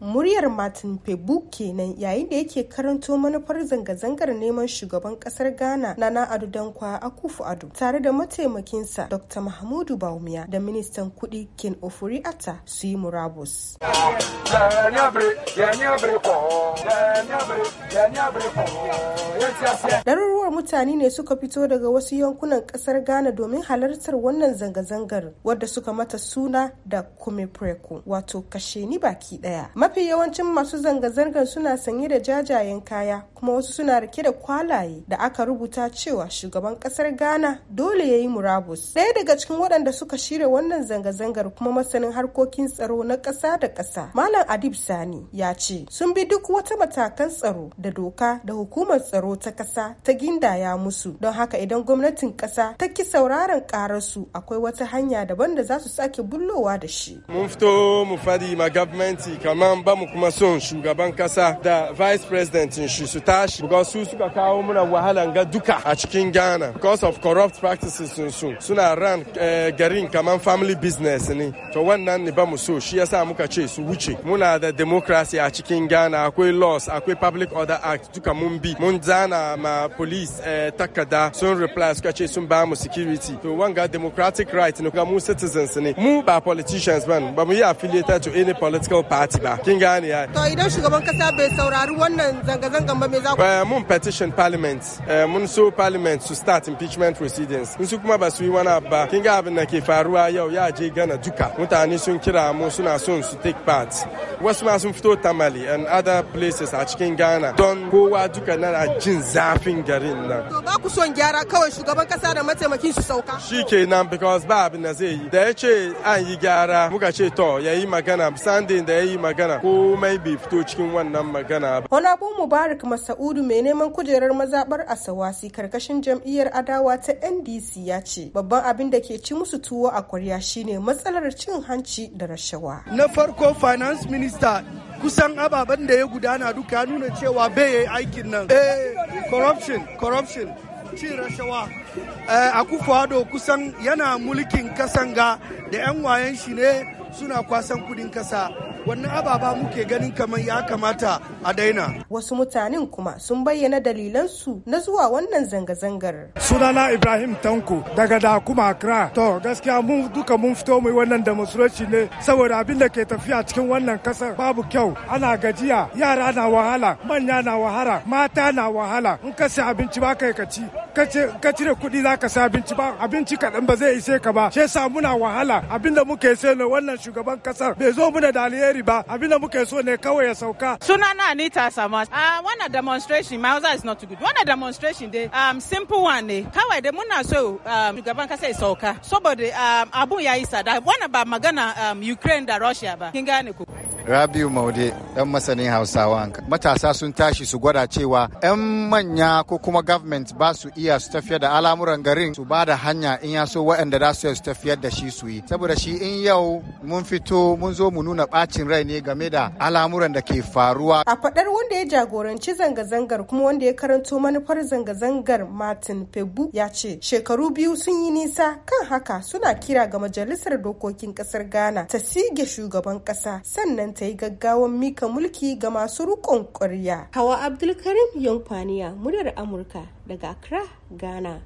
Muryar Martin Pebu kenan yayin da yake karanto manufar zanga-zangar neman shugaban kasar Ghana Nana Ado Dankwa Akufu adu tare da mataimakinsa Dr. Mahmudu Baumiya da ministan kudi Ken Ofori Atta su yi murabus. Ɗaruruwar mutane ne suka fito daga wasu yankunan ƙasar Ghana domin halartar wannan zanga-zangar wadda suka mata suna da kume preku wato kashe ni baki ɗaya. Mafi yawancin masu zanga-zangar suna sanye da jajayen kaya kuma wasu suna rike da kwalaye da aka rubuta cewa shugaban ƙasar Ghana dole ya yi murabus. Ɗaya daga cikin waɗanda suka shirya wannan zanga-zangar kuma masanin harkokin tsaro na ƙasa da ƙasa Malam Adib Sani ya ce sun bi duk wata wata matakan tsaro da doka da hukumar tsaro ta ƙasa ta gindaya musu don haka idan gwamnatin ƙasa ta ki sauraron ƙararsu akwai wata hanya daban da za su sake bullowa da shi. Mun fito mu fadi ma gwamnati kamar ba mu kuma son shugaban kasa da vice president shi su tashi su suka kawo muna wahalan ga duka a cikin Ghana because of corrupt practices sun su suna ran eh, garin kamar family business ne to wannan ne ba mu so shi yasa muka ce su wuce muna da democracy a cikin Ghana akwai laws akwai public order act duka mun bi mun zana ma police eh, takada sun reply suka ce sun ba mu security to wanga democratic right ne kuma mu citizens ne mu ba politicians ban ba mu yi affiliated to any political party ba kin gane ya to idan shugaban kasa bai saurari wannan zanga-zangan ba me za ku eh, mun petition parliament eh, mun so parliament su start impeachment proceedings in su kuma ba su yi wani abu ba kin ga abin da ke faruwa yau ya je gana duka mutane sun kira mu suna son su take part wasu ma sun fito tamale and other places places a cikin Ghana don kowa duka na jin zafin garin nan. To ba ku son gyara kawai shugaban kasa da mataimakin su sauka. Shi kenan because ba abin da zai yi. Da ya ce an yi gyara muka ce to ya yi magana Sunday da ya yi magana komai bai fito cikin wannan magana ba. Honabu Mubarak Masa'udu mai neman kujerar mazabar Asawasi karkashin jam'iyyar adawa ta NDC ya ce babban abin da ke ci musu tuwo a kwarya shine matsalar cin hanci da rashawa. Na farko finance minister kusan ababen da ya gudana duka nuna cewa bai yi aikin nan eh, eh corruption corruption cin rashawa A eh, akufo kusan yana mulkin kasanga, da 'yan wayan shi ne suna kwasan kudin kasa wannan ababa muke ganin kamar ya kamata a daina wasu mutanen kuma sun bayyana dalilansu na zuwa wannan zanga-zangar sunana ibrahim tanko daga dakuma accra to gaskiya mu duka mun fito mu wannan musulunci ne saboda abin da ke tafiya cikin wannan kasar babu kyau ana gajiya yara na wahala manya na wahala mata na wahala in ka abinci ba kai ka ci ka cire kuɗi za ka sa abinci ba abinci kaɗan ba zai ishe ka ba shi yasa muna wahala abinda muke so ne wannan shugaban kasar bai zo muna da alheri ba abinda muke so ne kawai ya sauka. sunana anita samas a ah, wannan demonstration my husband is not too good wannan demonstration dai um, simple one ne kawai dai muna so um, shugaban kasar ya sauka saboda um, abun ya yi sada wannan ba magana ukraine da russia ba kin gane ku Rabiu Maude ɗan masanin Hausawa. Matasa sun tashi su gwada cewa 'yan manya ko kuma government ba su iya su tafiyar da al'amuran garin su ba da hanya in ya so waɗanda za su su tafiyar da shi su yi. Saboda shi in yau mun fito mun zo mu nuna ɓacin rai ne game da al'amuran da ke faruwa. A faɗar wanda ya jagoranci zanga-zangar kuma wanda ya karanto manufar zanga-zangar Martin Pebu ya ce shekaru biyu sun yi nisa kan haka suna kira ga majalisar dokokin ƙasar Ghana ta sige shugaban ƙasa sannan ta yi gaggawan mika mulki ga masu rukon kwarya. Hawa Abdulkarim Yankwaniya, muryar Amurka daga Accra, Ghana.